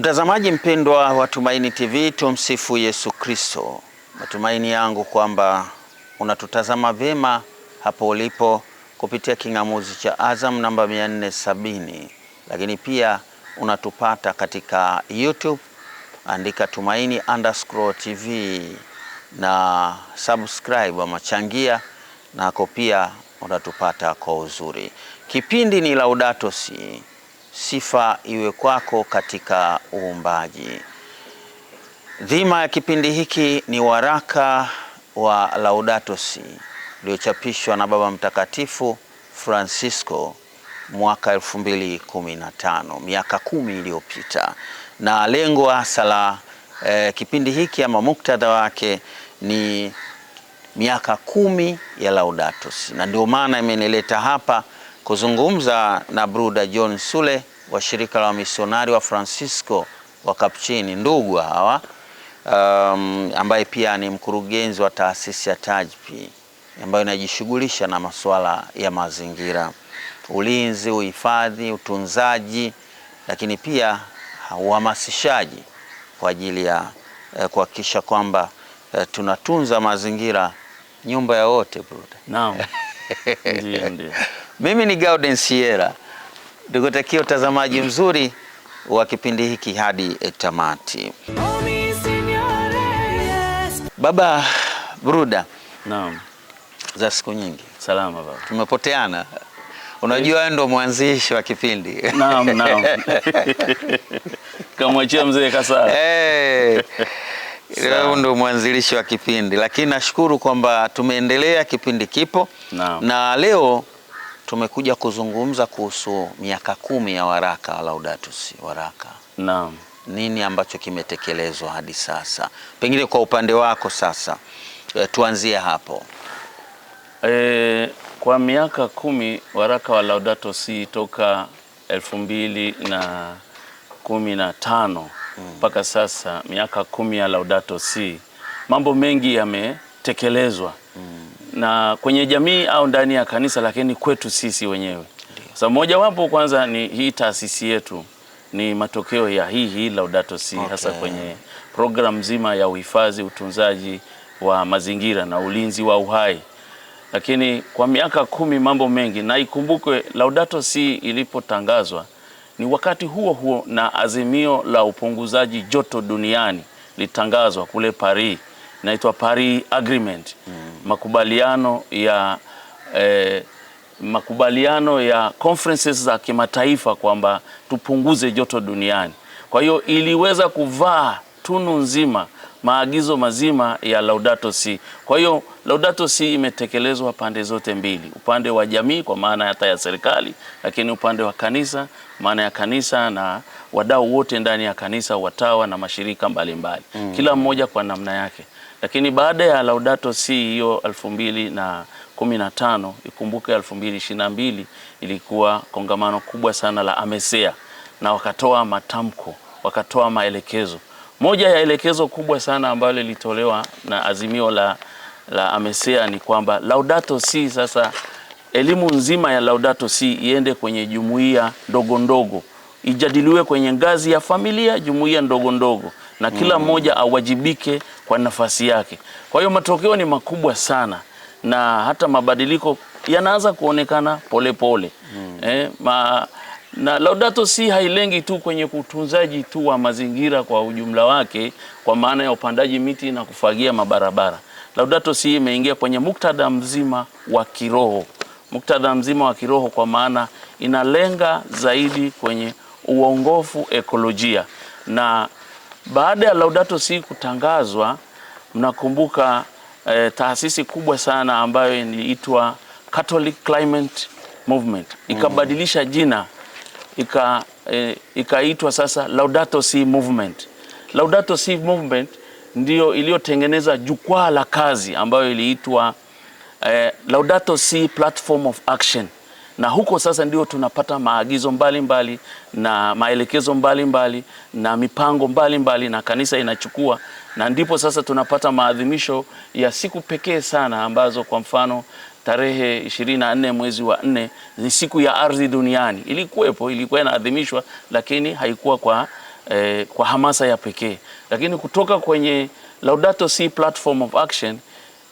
Mtazamaji mpendwa wa Tumaini TV, tumsifu Yesu Kristo. Matumaini yangu kwamba unatutazama vyema hapo ulipo kupitia king'amuzi cha Azam namba 470, lakini pia unatupata katika YouTube, andika Tumaini underscore TV na subscribe ama changia, nako pia unatupata kwa uzuri. Kipindi ni Laudato Si sifa iwe kwako katika uumbaji. Dhima ya kipindi hiki ni waraka wa Laudato Si uliochapishwa na Baba Mtakatifu Francisco mwaka 2015 miaka kumi iliyopita, na lengo hasa la eh, kipindi hiki ama muktadha wake ni miaka kumi ya Laudato Si, na ndio maana imenileta hapa kuzungumza na Bruda John Sule wa shirika la wamisionari wa Francisco wa Kapuchini, ndugu hawa um, ambaye pia ni mkurugenzi wa taasisi ya TAJPI ambayo inajishughulisha na masuala ya mazingira, ulinzi, uhifadhi, utunzaji, lakini pia uhamasishaji kwa ajili ya eh, kuhakikisha kwamba eh, tunatunza mazingira, nyumba ya wote. Naam. Mimi ni Gauden Sierra. Nikutakia utazamaji mzuri wa kipindi hiki hadi tamati. Baba Bruda, naam, za siku nyingi. Salama baba, tumepoteana. Unajua wewe ndo mwanzishi wa kipindi. Naam, naam. Kamwachia mzee Kasara. Hey. Wewe ndo mwanzilishi wa kipindi, lakini nashukuru kwamba tumeendelea, kipindi kipo naam. Na leo Tumekuja kuzungumza kuhusu miaka kumi ya waraka Laudato Si waraka. Naam. Nini ambacho kimetekelezwa hadi sasa, pengine kwa upande wako sasa, e, tuanzie hapo e, kwa miaka kumi waraka wa Laudato Si toka elfu mbili na kumi na tano mm. mpaka hmm. sasa miaka kumi ya Laudato Si, mambo mengi yametekelezwa na kwenye jamii au ndani ya kanisa, lakini kwetu sisi wenyewe. Sasa mojawapo kwanza ni hii taasisi yetu ni matokeo ya hii hii Laudato Si okay. Hasa kwenye programu nzima ya uhifadhi, utunzaji wa mazingira na ulinzi wa uhai, lakini kwa miaka kumi mambo mengi, na ikumbukwe Laudato Si ilipotangazwa ni wakati huo huo na azimio la upunguzaji joto duniani litangazwa kule Paris inaitwa Paris Agreement mm. makubaliano ya eh, makubaliano ya conferences za kimataifa kwamba tupunguze joto duniani. Kwa hiyo iliweza kuvaa tunu nzima maagizo mazima ya Laudato Si. Kwa hiyo Laudato Si imetekelezwa pande zote mbili, upande wa jamii kwa maana hata ya serikali, lakini upande wa kanisa, maana ya kanisa na wadau wote ndani ya kanisa, watawa na mashirika mbalimbali mbali. Mm. Kila mmoja kwa namna yake. Lakini baada ya Laudato Si hiyo elfu mbili na kumi na tano, ikumbuke elfu mbili ishirini na mbili ilikuwa kongamano kubwa sana la AMECEA na wakatoa matamko, wakatoa maelekezo. Moja ya elekezo kubwa sana ambalo lilitolewa na azimio la, la AMECEA ni kwamba Laudato Si sasa elimu nzima ya Laudato Si iende kwenye jumuiya ndogo ndogo, ijadiliwe kwenye ngazi ya familia, jumuiya ndogo ndogo, na kila mm. mmoja awajibike kwa nafasi yake. Kwa hiyo matokeo ni makubwa sana na hata mabadiliko yanaanza kuonekana polepole pole. Hmm. Eh, ma, na Laudato Si hailengi tu kwenye utunzaji tu wa mazingira kwa ujumla wake kwa maana ya upandaji miti na kufagia mabarabara. Laudato Si imeingia kwenye muktadha mzima wa kiroho, muktadha mzima wa kiroho kwa maana inalenga zaidi kwenye uongofu ekolojia na baada ya Laudato Si kutangazwa, mnakumbuka eh, taasisi kubwa sana ambayo iliitwa Catholic Climate Movement mm. ikabadilisha jina ika eh, ikaitwa sasa Laudato Si Movement. Laudato Si Movement ndio iliyotengeneza jukwaa la kazi ambayo iliitwa eh, Laudato Si Platform of Action na huko sasa ndio tunapata maagizo mbalimbali mbali, na maelekezo mbalimbali mbali, na mipango mbalimbali mbali, na kanisa inachukua, na ndipo sasa tunapata maadhimisho ya siku pekee sana ambazo kwa mfano tarehe 24 mwezi wa nne ni siku ya ardhi duniani. Ilikuwepo, ilikuwa inaadhimishwa, lakini haikuwa kwa, eh, kwa hamasa ya pekee, lakini kutoka kwenye Laudato Si platform of action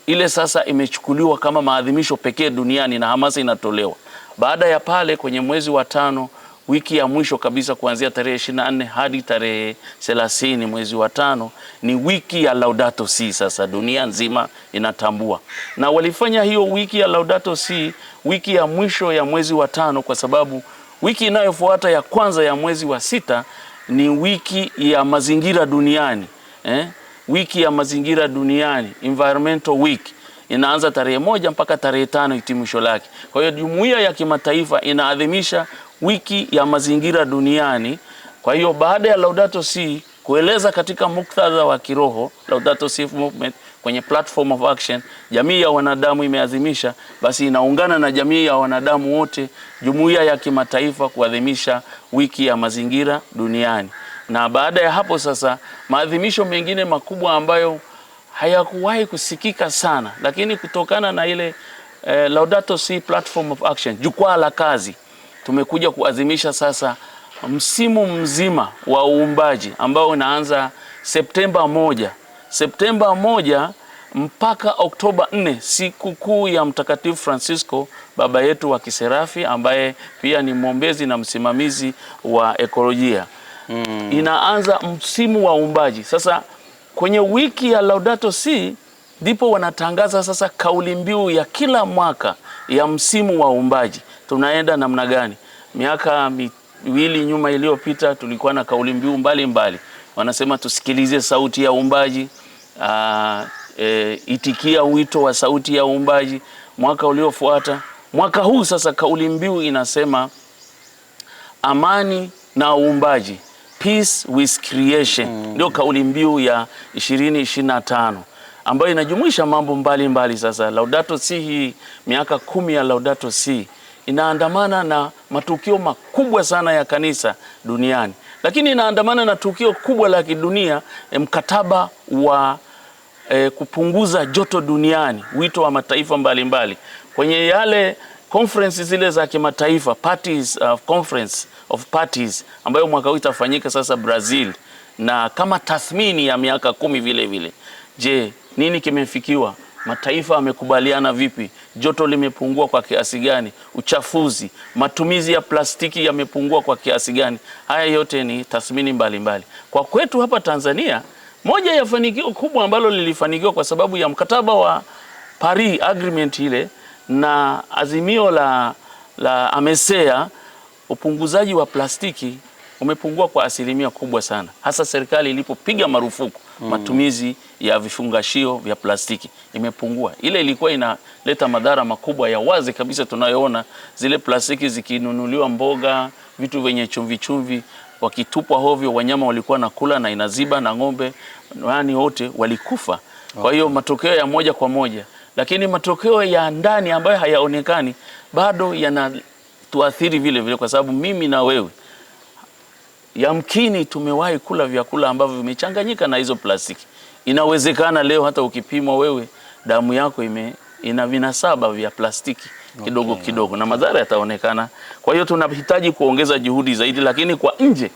ile sasa imechukuliwa kama maadhimisho pekee duniani na hamasa inatolewa. Baada ya pale kwenye mwezi wa tano wiki ya mwisho kabisa kuanzia tarehe 24 hadi tarehe 30 mwezi wa tano ni wiki ya Laudato Si. Sasa dunia nzima inatambua, na walifanya hiyo wiki ya Laudato Si wiki ya mwisho ya mwezi wa tano, kwa sababu wiki inayofuata ya kwanza ya mwezi wa sita ni wiki ya mazingira duniani eh? wiki ya mazingira duniani Environmental Week inaanza tarehe moja mpaka tarehe tano hitimisho lake. Kwa hiyo jumuiya ya kimataifa inaadhimisha wiki ya mazingira duniani. Kwa hiyo baada ya Laudato Si kueleza katika muktadha wa kiroho Laudato Si movement kwenye platform of action, jamii ya wanadamu imeadhimisha, basi inaungana na jamii ya wanadamu wote, jumuiya ya kimataifa kuadhimisha wiki ya mazingira duniani. Na baada ya hapo sasa, maadhimisho mengine makubwa ambayo hayakuwahi kusikika sana, lakini kutokana na ile eh, Laudato Si Platform of Action, jukwaa la kazi, tumekuja kuadhimisha sasa msimu mzima wa uumbaji ambao unaanza Septemba moja Septemba moja mpaka Oktoba nne siku kuu ya Mtakatifu Francisco baba yetu wa kiserafi ambaye pia ni mwombezi na msimamizi wa ekolojia. Hmm. Inaanza msimu wa uumbaji sasa. Kwenye wiki ya Laudato Si ndipo wanatangaza sasa kauli mbiu ya kila mwaka ya msimu wa uumbaji, tunaenda namna gani? Miaka miwili nyuma iliyopita tulikuwa na kauli mbiu mbalimbali, wanasema tusikilize sauti ya uumbaji, ah, e, itikia wito wa sauti ya uumbaji. Mwaka uliofuata, mwaka huu sasa, kauli mbiu inasema amani na uumbaji Peace with creation mm. Ndio kauli mbiu ya 2025 ambayo inajumuisha mambo mbalimbali mbali. Sasa Laudato Si hii miaka kumi ya Laudato Si inaandamana na matukio makubwa sana ya kanisa duniani, lakini inaandamana na tukio kubwa la kidunia, e, mkataba wa eh, kupunguza joto duniani, wito wa mataifa mbalimbali mbali. Kwenye yale Conference zile za kimataifa parties, of uh, conference of parties ambayo mwaka huu itafanyika sasa Brazil, na kama tathmini ya miaka kumi vile vile, je, nini kimefikiwa? Mataifa yamekubaliana vipi? Joto limepungua kwa kiasi gani? Uchafuzi, matumizi ya plastiki yamepungua kwa kiasi gani? Haya yote ni tathmini mbalimbali. Kwa kwetu hapa Tanzania, moja ya fanikio kubwa ambalo lilifanikiwa kwa sababu ya mkataba wa Paris agreement ile na azimio la, la AMECEA upunguzaji wa plastiki umepungua kwa asilimia kubwa sana, hasa serikali ilipopiga marufuku mm. matumizi ya vifungashio vya plastiki imepungua. Ile ilikuwa inaleta madhara makubwa ya wazi kabisa tunayoona, zile plastiki zikinunuliwa mboga, vitu vyenye chumvi chumvi, wakitupwa hovyo, wanyama walikuwa nakula na inaziba na ng'ombe, yaani wote walikufa. Kwa hiyo matokeo ya moja kwa moja lakini matokeo ya ndani ambayo hayaonekani bado yanatuathiri vile vile, kwa sababu mimi na wewe yamkini tumewahi kula vyakula ambavyo vimechanganyika na hizo plastiki. Inawezekana leo hata ukipimwa wewe damu yako ime, ina vinasaba vya plastiki kidogo okay, kidogo na madhara yataonekana. Kwa hiyo tunahitaji kuongeza juhudi zaidi, lakini kwa nje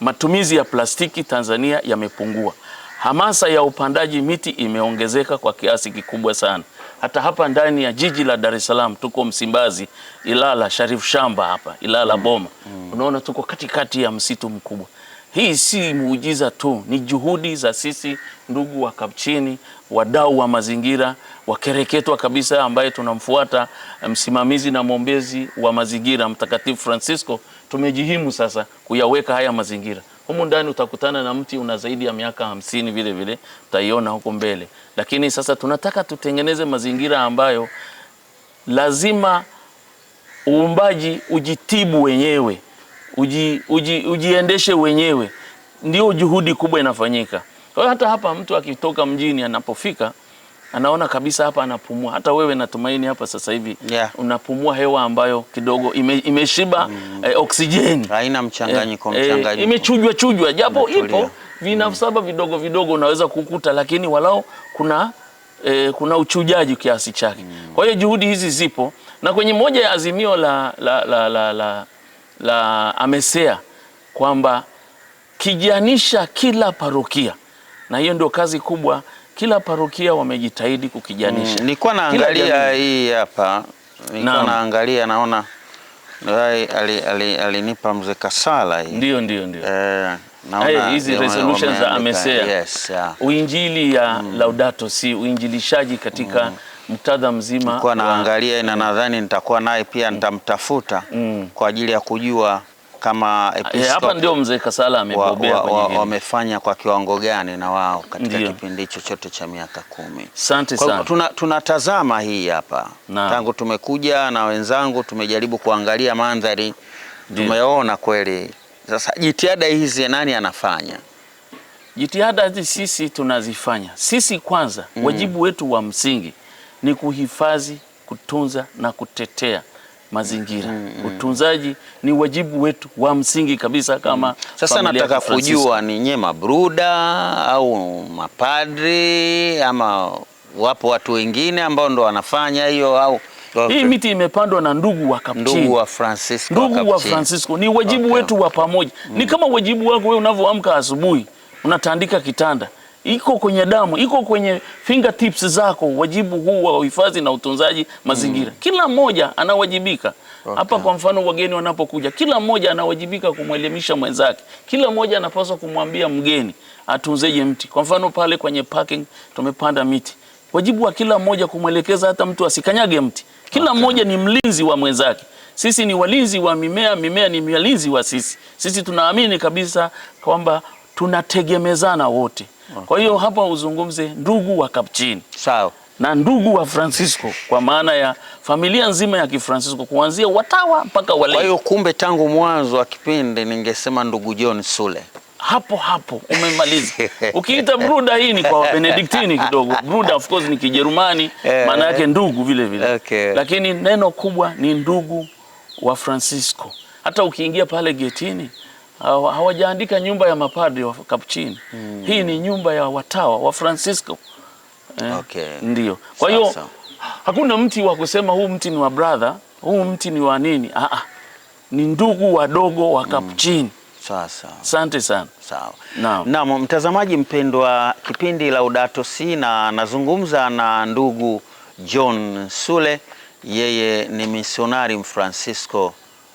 matumizi ya plastiki Tanzania yamepungua hamasa ya upandaji miti imeongezeka kwa kiasi kikubwa sana. Hata hapa ndani ya jiji la Dar es Salaam tuko Msimbazi, Ilala, Sharif Shamba hapa Ilala mm, Boma, mm. unaona tuko katikati ya msitu mkubwa. Hii si muujiza tu, ni juhudi za sisi ndugu wa Kapchini, wadau wa mazingira, wakereketwa kabisa ambaye tunamfuata eh, msimamizi na mwombezi wa mazingira Mtakatifu Francisco. Tumejihimu sasa kuyaweka haya mazingira Humu ndani utakutana na mti una zaidi ya miaka hamsini, vile vile utaiona huko mbele. Lakini sasa tunataka tutengeneze mazingira ambayo lazima uumbaji ujitibu wenyewe, uji, uji, ujiendeshe wenyewe. Ndio juhudi kubwa inafanyika. Kwa hiyo hata hapa mtu akitoka mjini anapofika anaona kabisa hapa anapumua. Hata wewe natumaini hapa sasa hivi yeah. unapumua hewa ambayo kidogo ime, imeshiba mm. eh, oksijeni haina mchanganyiko eh, eh mchanganyiko imechujwa chujwa, japo ipo vinasaba mm. vidogo vidogo unaweza kukuta, lakini walao kuna eh, kuna uchujaji kiasi chake mm. kwa hiyo juhudi hizi zipo, na kwenye moja ya azimio la, la, la, la, la, la AMECEA kwamba kijanisha kila parokia, na hiyo ndio kazi kubwa kila parokia wamejitahidi kukijanisha. Mm, nilikuwa mm, naangalia hii hapa, nilikuwa naangalia naona alinipa ali, ali mzee Kasala hii. Ndio, ndio, ndio. Eh, naona hizi resolutions za amesea. Yes, yeah. Uinjili ya mm. Laudato Si, uinjilishaji katika mm mtadha mzima nilikuwa naangalia na mm. nadhani nitakuwa naye pia mm. nitamtafuta mm. kwa ajili ya kujua kama eh, hapa ndio mzee Kasala amebobea wamefanya kwa kiwango gani na wao katika kipindi chochote cha miaka kumi. Asante sana. Tuna, tunatazama hii hapa tangu tumekuja na wenzangu tumejaribu kuangalia mandhari tumeona kweli. Sasa jitihada hizi nani anafanya? Jitihada hizi sisi tunazifanya sisi. Kwanza mm. wajibu wetu wa msingi ni kuhifadhi, kutunza na kutetea mazingira mm, mm. Utunzaji ni wajibu wetu wa msingi kabisa kama mm. Sasa nataka kujua ni nyie mabruda au mapadri ama wapo watu wengine ambao ndo wanafanya hiyo au Okay. Hii miti imepandwa na ndugu wa Kapuchini. Ndugu wa Francisco, ndugu wa Francisco. Ni wajibu okay. wetu wa pamoja mm. Ni kama wajibu wako wewe unavyoamka asubuhi unatandika kitanda iko kwenye damu, iko kwenye fingertips zako, wajibu huu wa uhifadhi na utunzaji mazingira. Mm. Kila mmoja anawajibika hapa. Okay. Kwa mfano wageni wanapokuja, kila mmoja anawajibika kumwelimisha mwenzake, kila mmoja anapaswa kumwambia mgeni atunzeje mti. Kwa mfano pale kwenye parking tumepanda miti, wajibu wa kila mmoja kumwelekeza hata mtu asikanyage mti. Kila mmoja okay, ni mlinzi wa mwenzake. Sisi ni walinzi wa mimea, mimea ni walinzi wa sisi. Sisi tunaamini kabisa kwamba tunategemezana wote. Kwa hiyo hapa uzungumze ndugu wa Kapchini, sawa na ndugu wa Francisco kwa maana ya familia nzima ya Kifrancisco kuanzia watawa mpaka wale. Kwa hiyo kumbe, tangu mwanzo wa kipindi ningesema ndugu John Sule. Hapo hapo umemaliza. Ukiita bruda, hii ni kwa Benediktini kidogo. Bruda of course ni Kijerumani, eh. maana yake ndugu vile vile. Okay. Lakini neno kubwa ni ndugu wa Francisco. Hata ukiingia pale getini hawajaandika nyumba ya mapadri wa Kapuchini mm. Hii ni nyumba ya watawa wa Francisco eh, okay. Ndio, kwa hiyo hakuna mti wa kusema huu mti ni wa brother, huu mti ni wa nini. ah. ah. ni ndugu wadogo wa Kapuchini hmm. mm. Sasa. Asante sana. Sawa. Naam. Naam, mtazamaji mpendwa kipindi Laudato Si na nazungumza na ndugu John Sule, yeye ni misionari Mfrancisco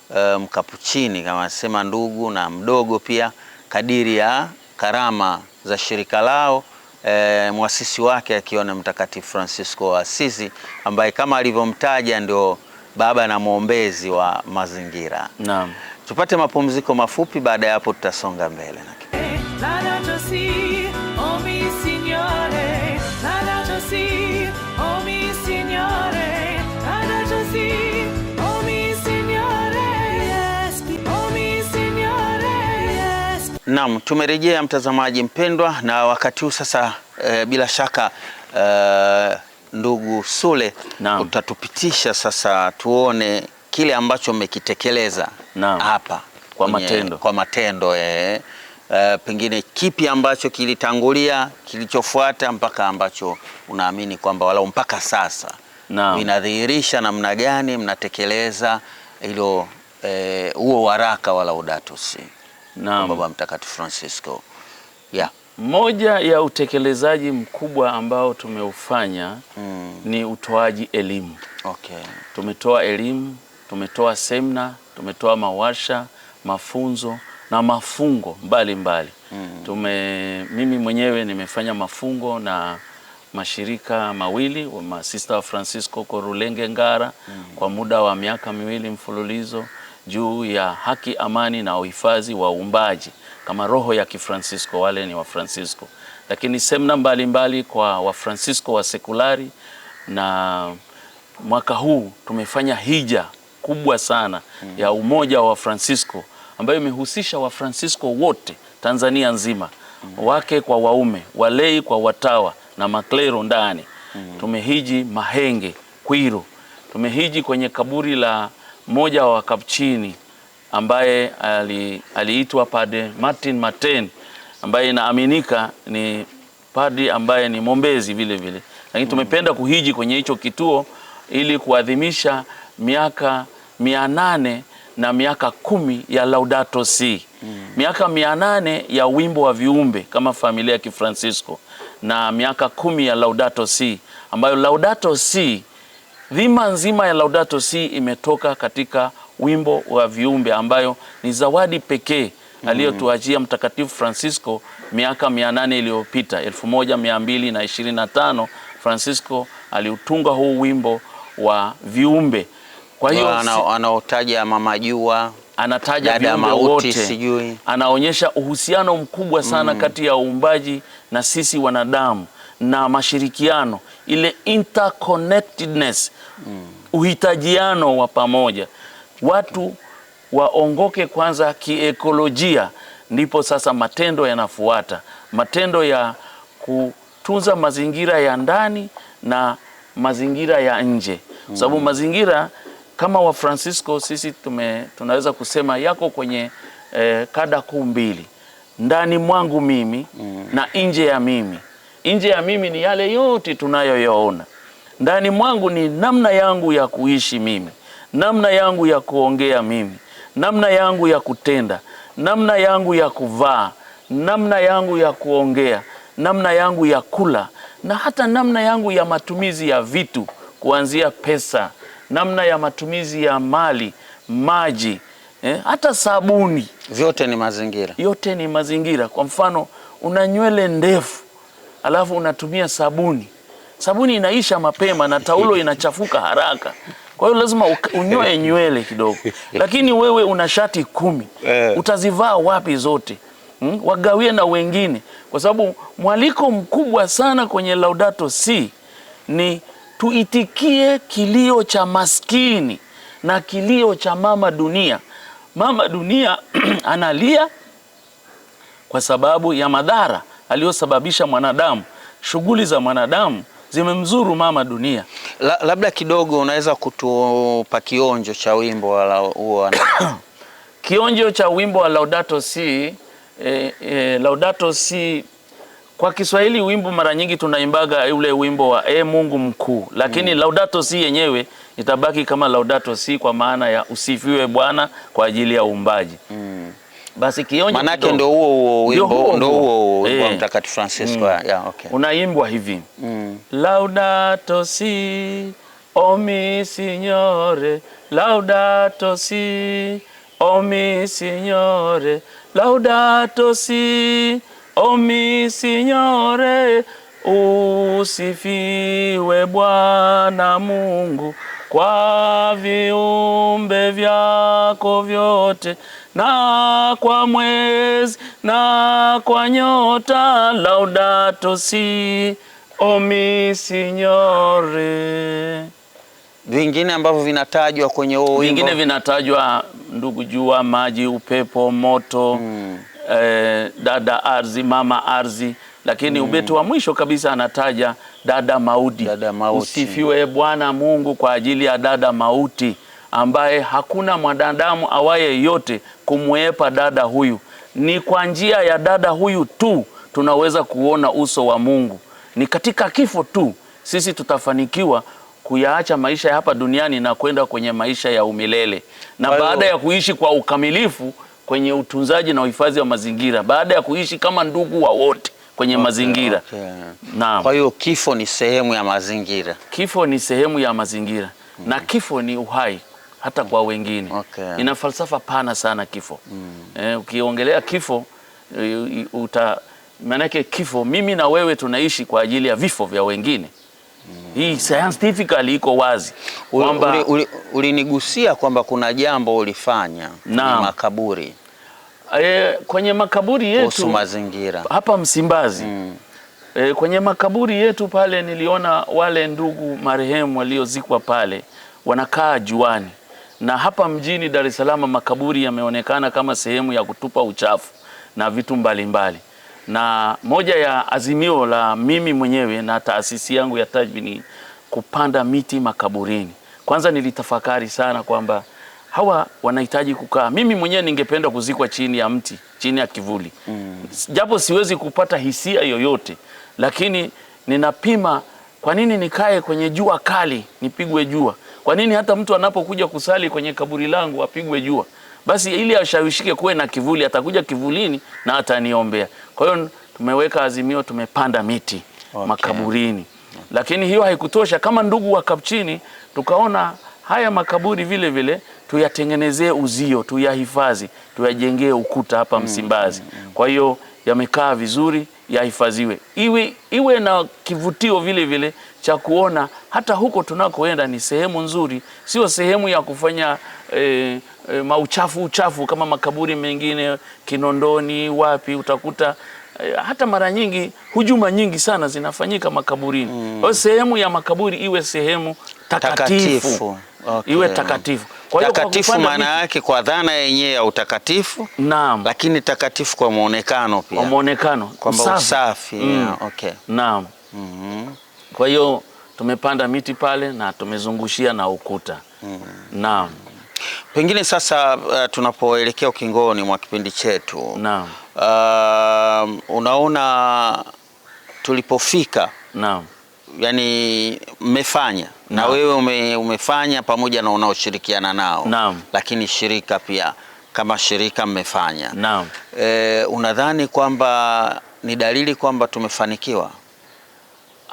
mkapuchini eh, mkapuchini kama sema ndugu na mdogo pia, kadiri ya karama za shirika lao. E, mwasisi wake akiona Mtakatifu Francisco wa Assisi ambaye kama alivyomtaja ndio baba na mwombezi wa mazingira. Naam. Tupate mapumziko mafupi, baada ya hapo tutasonga mbele. Naam, tumerejea mtazamaji mpendwa, na wakati huu sasa e, bila shaka e, ndugu Sule naam, utatupitisha sasa tuone kile ambacho umekitekeleza hapa kwa matendo, kwa matendo e, e, pengine kipi ambacho kilitangulia kilichofuata mpaka ambacho unaamini kwamba walau mpaka sasa vinadhihirisha namna gani mnatekeleza hilo huo e, waraka wala udatusi na Baba Mtakatifu Francisco. Yeah. Moja ya utekelezaji mkubwa ambao tumeufanya mm. ni utoaji elimu. Okay. Tumetoa elimu, tumetoa semina, tumetoa mawasha, mafunzo na mafungo mbalimbali mbali. Mm. Tume, mimi mwenyewe nimefanya mafungo na mashirika mawili masista wa Francisco Korulenge Ngara mm. kwa muda wa miaka miwili mfululizo juu ya haki, amani na uhifadhi wa uumbaji kama roho ya Kifransisko. Wale ni Wafransisko, lakini semna mbalimbali kwa Wafransisko wa sekulari, na mwaka huu tumefanya hija kubwa sana hmm. ya umoja wa Wafransisko ambayo imehusisha Wafransisko wote Tanzania nzima hmm. wake kwa waume, walei kwa watawa na maklero ndani hmm. tumehiji Mahenge, Kwiru, tumehiji kwenye kaburi la mmoja wa Wakapchini ambaye aliitwa Padre Martin maten ambaye inaaminika ni padri ambaye ni mombezi vile vile, lakini tumependa kuhiji kwenye hicho kituo ili kuadhimisha miaka mia nane na miaka kumi ya Laudato Si miaka mia nane ya wimbo wa viumbe kama familia ya Kifrancisco na miaka kumi ya Laudato Si ambayo Laudato Si Dhima nzima ya Laudato Si imetoka katika wimbo wa viumbe ambayo ni zawadi pekee aliyotuachia Mtakatifu Francisco miaka nane iliyopita, tano Francisco aliutunga huu wimbo wa viumbe. Kwa hiyo anaotaja mama jua, anataja viumbe wote, sijui anaonyesha uhusiano mkubwa sana mm, kati ya uumbaji na sisi wanadamu na mashirikiano, ile interconnectedness mm. Uhitajiano wa pamoja, watu waongoke kwanza kiekolojia, ndipo sasa matendo yanafuata, matendo ya kutunza mazingira ya ndani na mazingira ya nje mm. Sababu mazingira kama wa Francisco sisi tume, tunaweza kusema yako kwenye eh, kada kuu mbili, ndani mwangu mimi mm. na nje ya mimi Nje ya mimi ni yale yote tunayoyaona. Ndani mwangu ni namna yangu ya kuishi mimi, namna yangu ya kuongea mimi, namna yangu ya kutenda, namna yangu ya kuvaa, namna yangu ya kuongea, namna yangu ya kula na hata namna yangu ya matumizi ya vitu kuanzia pesa, namna ya matumizi ya mali, maji, eh, hata sabuni. Vyote ni mazingira, yote ni mazingira. Kwa mfano, una nywele ndefu alafu unatumia sabuni. Sabuni inaisha mapema na taulo inachafuka haraka, kwa hiyo lazima unyoe nywele kidogo. Lakini wewe una shati kumi, eh. utazivaa wapi zote? Hmm? Wagawie na wengine, kwa sababu mwaliko mkubwa sana kwenye Laudato Si ni tuitikie kilio cha maskini na kilio cha mama dunia. Mama dunia analia kwa sababu ya madhara aliyosababisha mwanadamu, shughuli za mwanadamu zimemzuru mama dunia. La, labda kidogo unaweza kutupa kionjo cha wimbo huo? Kionjo cha wimbo wa Laudato Si. E, e, Laudato Si kwa Kiswahili wimbo mara nyingi tunaimbaga ule wimbo wa e Mungu mkuu, lakini mm. Laudato Si yenyewe itabaki kama Laudato Si kwa maana ya usifiwe Bwana kwa ajili ya uumbaji mm basi kionyo, manake ndo huo wimbo ndo huo huo wa eh. Mtakatifu Francisco mm. yeah, okay. unaimbwa hivi mm. Laudato si o mi signore Laudato si o mi signore Laudato si o mi signore Usifiwe Bwana Mungu kwa viumbe vyako vyote na kwa mwezi na kwa nyota, laudato si o mi signore. Vingine ambavyo vinatajwa kwenye huo wimbo, vingine vinatajwa ndugu, jua, maji, upepo, moto mm. eh, dada ardhi, mama ardhi, lakini mm. ubeti wa mwisho kabisa anataja dada maudi, dada mauti. Usifiwe Bwana Mungu kwa ajili ya dada mauti ambaye hakuna mwanadamu awaye yote kumwepa dada huyu. Ni kwa njia ya dada huyu tu tunaweza kuona uso wa Mungu. Ni katika kifo tu sisi tutafanikiwa kuyaacha maisha ya hapa duniani na kwenda kwenye maisha ya umilele, na baada ya kuishi kwa ukamilifu kwenye utunzaji na uhifadhi wa mazingira, baada ya kuishi kama ndugu wa wote kwenye okay, mazingira okay. Kwa hiyo kifo ni sehemu ya mazingira, kifo ni sehemu ya mazingira mm. na kifo ni uhai hata kwa wengine okay. Ina falsafa pana sana kifo mm. Eh, ukiongelea kifo eh, uta maanake kifo, mimi na wewe tunaishi kwa ajili ya vifo vya wengine mm. Hii scientifically iko wazi kwamba ulinigusia uli, kwamba kuna jambo ulifanya na makaburi e, kwenye makaburi yetu mazingira hapa Msimbazi mm. E, kwenye makaburi yetu pale niliona wale ndugu marehemu waliozikwa pale wanakaa juani na hapa mjini Dar es Salaam makaburi yameonekana kama sehemu ya kutupa uchafu na vitu mbalimbali mbali. Na moja ya azimio la mimi mwenyewe na taasisi yangu ya Tajbi ni kupanda miti makaburini. Kwanza nilitafakari sana kwamba hawa wanahitaji kukaa. Mimi mwenyewe ningependa kuzikwa chini ya mti, chini ya kivuli mm. Japo siwezi kupata hisia yoyote, lakini ninapima, kwa nini nikae kwenye jua kali nipigwe jua? Kwa nini hata mtu anapokuja kusali kwenye kaburi langu apigwe jua? Basi ili ashawishike kuwe na kivuli, atakuja kivulini na ataniombea. Kwa hiyo tumeweka azimio, tumepanda miti okay, makaburini. Lakini hiyo haikutosha, kama ndugu wa Kapchini tukaona haya makaburi vile vile tuyatengenezee uzio, tuyahifadhi, tuyajengee ukuta hapa mm, Msimbazi. Mm, mm. Kwa hiyo yamekaa vizuri, yahifadhiwe, iwe iwe na kivutio vile vile cha kuona hata huko tunakoenda ni sehemu nzuri, sio sehemu ya kufanya e, e, mauchafu uchafu kama makaburi mengine Kinondoni, wapi utakuta e, hata mara nyingi hujuma nyingi sana zinafanyika makaburini mm. Sehemu ya makaburi iwe sehemu takatifu, takatifu. Okay. Iwe takatifu kwa hiyo takatifu maana yake kwa dhana yenyewe ya utakatifu naam, lakini takatifu kwa muonekano pia, kwa muonekano kwamba usafi, usafi. Mm. Yeah, okay. Naam. Mm -hmm. Kwa hiyo tumepanda miti pale na tumezungushia na ukuta mm. Naam. Pengine sasa uh, tunapoelekea ukingoni mwa kipindi chetu naam. Uh, unaona tulipofika naam. Yani mmefanya na, wewe ume, umefanya pamoja na unaoshirikiana nao naam. Lakini shirika pia kama shirika mmefanya naam. E, unadhani kwamba ni dalili kwamba tumefanikiwa?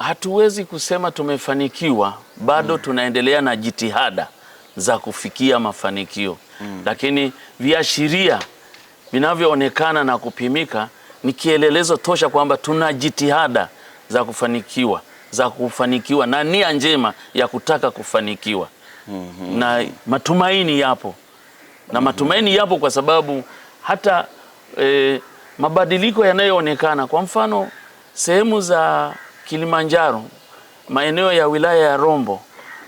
hatuwezi kusema tumefanikiwa bado, mm. tunaendelea na jitihada za kufikia mafanikio mm. Lakini viashiria vinavyoonekana na kupimika ni kielelezo tosha kwamba tuna jitihada za kufanikiwa za kufanikiwa na nia njema ya kutaka kufanikiwa mm -hmm. na matumaini yapo na mm-hmm. matumaini mm -hmm. yapo kwa sababu hata eh, mabadiliko yanayoonekana kwa mfano sehemu za Kilimanjaro, maeneo ya wilaya ya Rombo,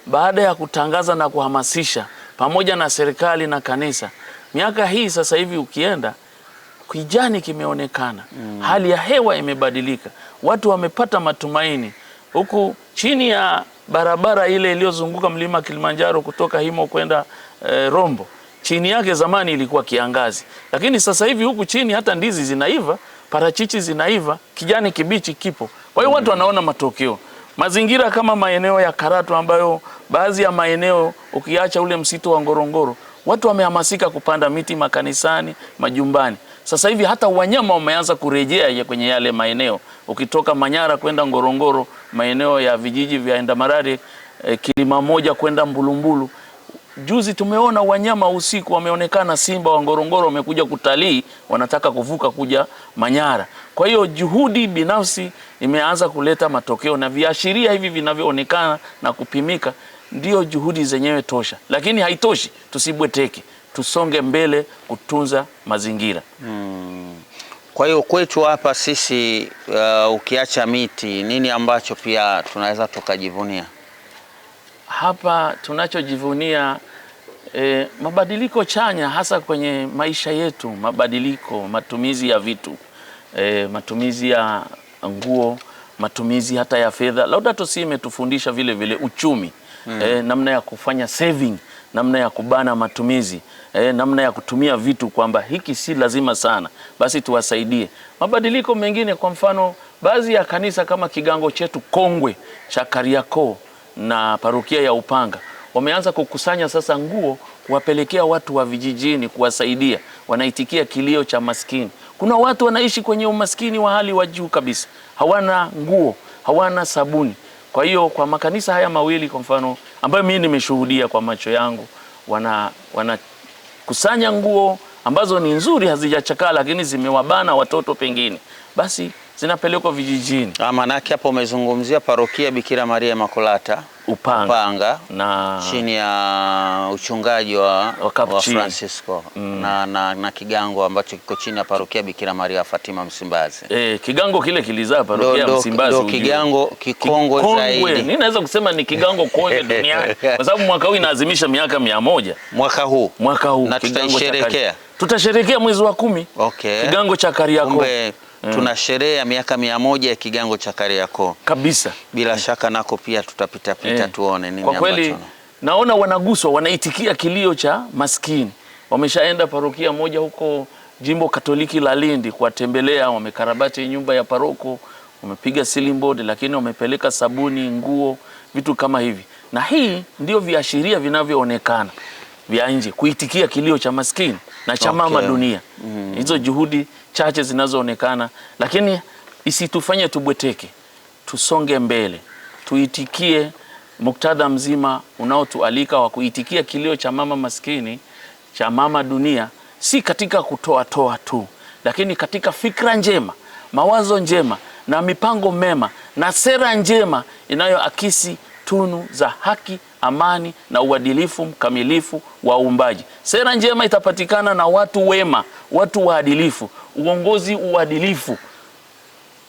baada ya kutangaza na kuhamasisha pamoja na serikali na kanisa, miaka hii sasa hivi ukienda kijani kimeonekana mm. Hali ya hewa imebadilika, watu wamepata matumaini. Huku chini ya barabara ile iliyozunguka mlima Kilimanjaro kutoka Himo kwenda e, Rombo, chini yake zamani ilikuwa kiangazi, lakini sasa hivi huku chini hata ndizi zinaiva parachichi zinaiva, kijani kibichi kipo. Kwa hiyo watu wanaona matokeo. Mazingira kama maeneo ya Karatu ambayo baadhi ya maeneo ukiacha ule msitu wa Ngorongoro, watu wamehamasika kupanda miti makanisani, majumbani. Sasa hivi hata wanyama wameanza kurejea ya kwenye yale maeneo. Ukitoka Manyara kwenda Ngorongoro, maeneo ya vijiji vya Endamarare, eh, kilima moja kwenda Mbulumbulu Juzi tumeona wanyama usiku wameonekana, simba wa Ngorongoro wamekuja kutalii, wanataka kuvuka kuja Manyara. Kwa hiyo juhudi binafsi imeanza kuleta matokeo, na viashiria hivi vinavyoonekana na kupimika ndio juhudi zenyewe tosha, lakini haitoshi. Tusibweteke, tusonge mbele kutunza mazingira hmm. Kwa hiyo kwetu hapa sisi uh, ukiacha miti, nini ambacho pia tunaweza tukajivunia? hapa tunachojivunia e, mabadiliko chanya hasa kwenye maisha yetu, mabadiliko matumizi ya vitu e, matumizi ya nguo, matumizi hata ya fedha. Laudato Si imetufundisha vile vile uchumi mm. E, namna ya kufanya saving, namna ya kubana matumizi e, namna ya kutumia vitu kwamba hiki si lazima sana, basi tuwasaidie. Mabadiliko mengine, kwa mfano, baadhi ya kanisa kama kigango chetu kongwe cha Kariakoo na parukia ya Upanga wameanza kukusanya sasa nguo kuwapelekea watu wa vijijini kuwasaidia, wanaitikia kilio cha maskini. Kuna watu wanaishi kwenye umaskini wa hali wa juu kabisa, hawana nguo, hawana sabuni. Kwa hiyo kwa makanisa haya mawili kwa mfano, ambayo mimi nimeshuhudia kwa macho yangu, wanakusanya wana nguo ambazo ni nzuri, hazijachakaa, lakini zimewabana watoto pengine basi zinapelekwa vijijini. Ah, Maanake hapo umezungumzia parokia Bikira Maria Makolata Upanga, Upanga na... chini ya uchungaji wa, wa Francisco mm. na, na, na kigango ambacho kiko chini ya parokia Bikira Maria Fatima Msimbazi. Eh, kigango kile kilizaa parokia do, Msimbazi. Ndio kigango kikongwe, zaidi. Mimi naweza kusema ni kigango kongwe duniani kwa sababu mwaka huu inaazimisha miaka mia moja mwaka huu mwaka huu na tutaisherekea tutasherekea mwezi wa kumi. Okay. Kigango cha Kariakoo mm. tuna sherehe ya miaka mia moja ya kigango cha Kariakoo kabisa. Bila mm. shaka nako pia tutapita pita mm. tuone nini kwa kweli. Naona wanaguswa, wanaitikia kilio cha maskini. Wameshaenda parokia moja huko jimbo Katoliki la Lindi kuwatembelea, wamekarabati nyumba ya paroko, wamepiga ceiling board, lakini wamepeleka sabuni, nguo, vitu kama hivi, na hii ndio viashiria vinavyoonekana vya nje kuitikia kilio cha maskini na cha okay. mama dunia. Mm. Hizo mm. juhudi chache zinazoonekana, lakini isitufanye tubweteke, tusonge mbele, tuitikie muktadha mzima unaotualika wa kuitikia kilio cha mama maskini cha mama dunia, si katika kutoa toa tu, lakini katika fikra njema, mawazo njema na mipango mema na sera njema inayoakisi tunu za haki, amani na uadilifu mkamilifu wa uumbaji. Sera njema itapatikana na watu wema, watu waadilifu, uongozi uadilifu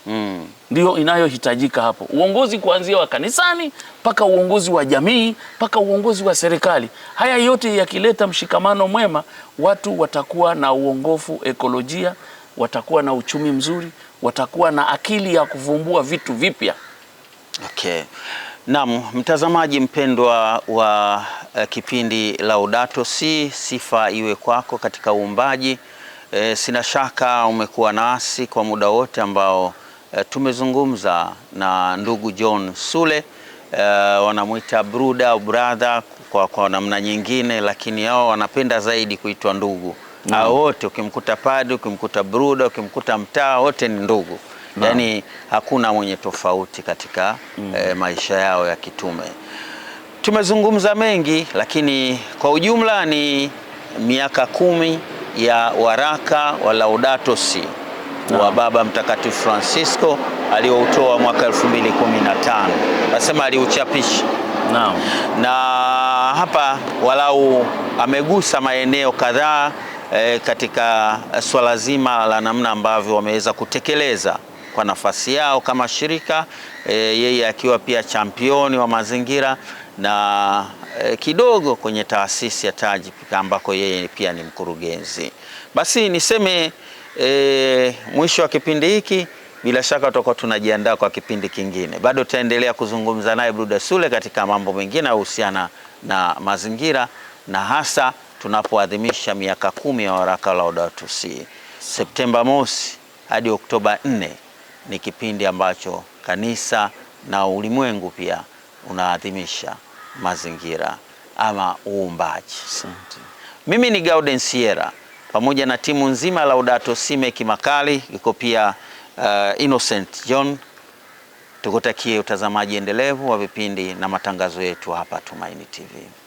mm. Ndio inayohitajika hapo, uongozi kuanzia wa kanisani mpaka uongozi wa jamii mpaka uongozi wa serikali. Haya yote yakileta mshikamano mwema, watu watakuwa na uongofu ekolojia, watakuwa na uchumi mzuri, watakuwa na akili ya kuvumbua vitu vipya. Okay. Naam, mtazamaji mpendwa wa uh, kipindi Laudato Si, sifa iwe kwako katika uumbaji. E, sina shaka umekuwa nasi kwa muda wote ambao e, tumezungumza na ndugu John Sule e, wanamwita bruda au brother kwa, kwa namna nyingine, lakini yao wanapenda zaidi kuitwa ndugu mm. Au Wote ukimkuta padi, ukimkuta bruda, ukimkuta mtaa, wote ni ndugu mm. Yaani hakuna mwenye tofauti katika mm. e, maisha yao ya kitume. Tumezungumza mengi, lakini kwa ujumla ni miaka kumi ya waraka wa Laudato Si no. wa Baba Mtakatifu Francisco aliyoutoa mwaka 2015, nasema aliuchapisha no. na hapa walau amegusa maeneo kadhaa e, katika swala zima la namna ambavyo wameweza kutekeleza kwa nafasi yao kama shirika e, yeye akiwa pia championi wa mazingira na Eh, kidogo kwenye taasisi ya taji ambako yeye pia ni mkurugenzi. Basi niseme e, mwisho wa kipindi hiki bila shaka tutakuwa tunajiandaa kwa kipindi kingine. Bado tutaendelea kuzungumza naye Bruda Sule katika mambo mengine yanayohusiana na mazingira na hasa tunapoadhimisha miaka kumi ya waraka Laudato Si. Septemba mosi hadi Oktoba 4 ni kipindi ambacho kanisa na ulimwengu pia unaadhimisha mazingira ama uumbaji. Mimi ni Gauden Sierra pamoja na timu nzima Laudato Sime Kimakali iko pia uh, Innocent John. Tukutakie utazamaji endelevu wa vipindi na matangazo yetu hapa Tumaini TV.